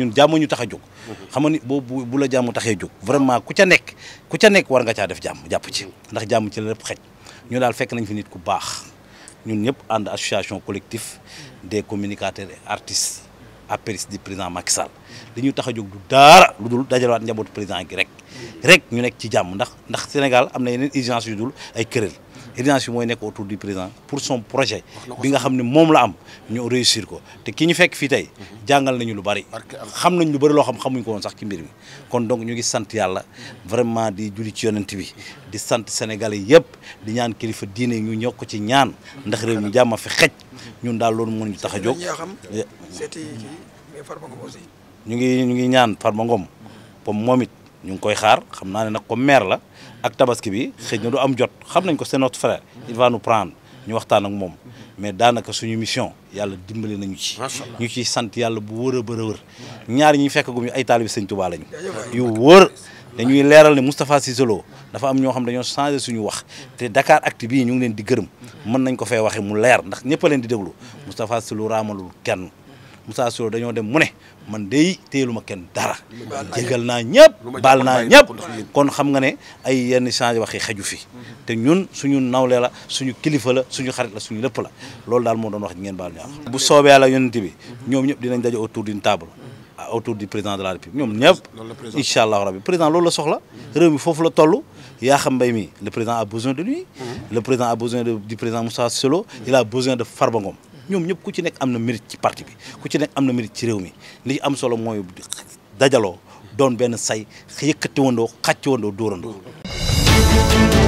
ñun jàmm ñu tax a jóg xam nga ni boobu bu la jàmm taxee jóg vraiment ku ca nekk ku ca nekk war nga caa def jàmm jàpp ci ndax jàmm ci la lépp xej ñu daal fekk nañ fi nit ku baax ñun ñëpp ànd association collectif de communicateur et artistes apéris di président Macky li ñu tax a jóg du daara lu dul dajalewaat njabootu président gi rek rek ñu nekk ci jàmm ndax ndax Sénégal am na yeneen urgence yu dul ay këréel urgence bi mooy nekk autour du président pour son projet bi nga xam ne moom la am ñu réussir ko te ki ñu fekk fii tey mhm. jàngal nañu lu bari xam nañ lu bari loo xam xamuñ ko woon sax ci mbir mi kon donc ñu ngi sant yàlla vraiment di julli ci yonent bi di sant sénégalais yëpp di ñaan kilifa diine ñu ko ci ñaan ndax réew ñu jàmm fi xej mhm. ñun daal loolu mënuñu tax a jóg ñu ngi ñu ngi ñaan Farba Ngom moom ñu ngi koy xaar xam naa ne nag comme maire la ak tabaski bi xëy na du am jot xam nañ ko c'est notre frère il va nous prendre ñu waxtaan ak moom mais daanaka suñu mission yàlla dimbali nañu ci ñu ciy sant yàlla bu wër a bër wër ñaar ñi fekk gu ñu ay taalibi sëñ Tuubaa lañu yu wër dañuy leeral ne Moustapha Cissé dafa am ñoo xam dañoo changé suñu wax te Dakar Actu bii ñu ngi leen di gërëm mën nañ ko fay waxe mu leer ndax ñëpp leen di déglu Moustapha Cissé Lo raamalul kenn Moussa Soro dañoo dem mu ne man dey teeluma kenn dara jégal naa ñëpp baal naa ñëpp kon xam nga ne ay yenn change waxi xeju fi mhm. te ñun suñu nawle la suñu kilifa la suñu xarit la suñu lépp la loolu daal moo doon wax ngeen baal ñaax bu soobee yàlla yonent bi mhm. ñoom ñëpp dinañ daje autour d'une table mhm. autour du président de la République ñoom ñëpp incha allahu rabbi président loolu la soxla réew mi foofu la toll yaa xam mbay mi président a besoin de a besoin a ñoom ñëpp ku ci nekk am na mérite ci parti bi ku ci nekk am na mérite ci réew mi li am solo mooy dajaloo doon benn say wondoo yëkkatiwandoo xàcciwandoo dóorandoo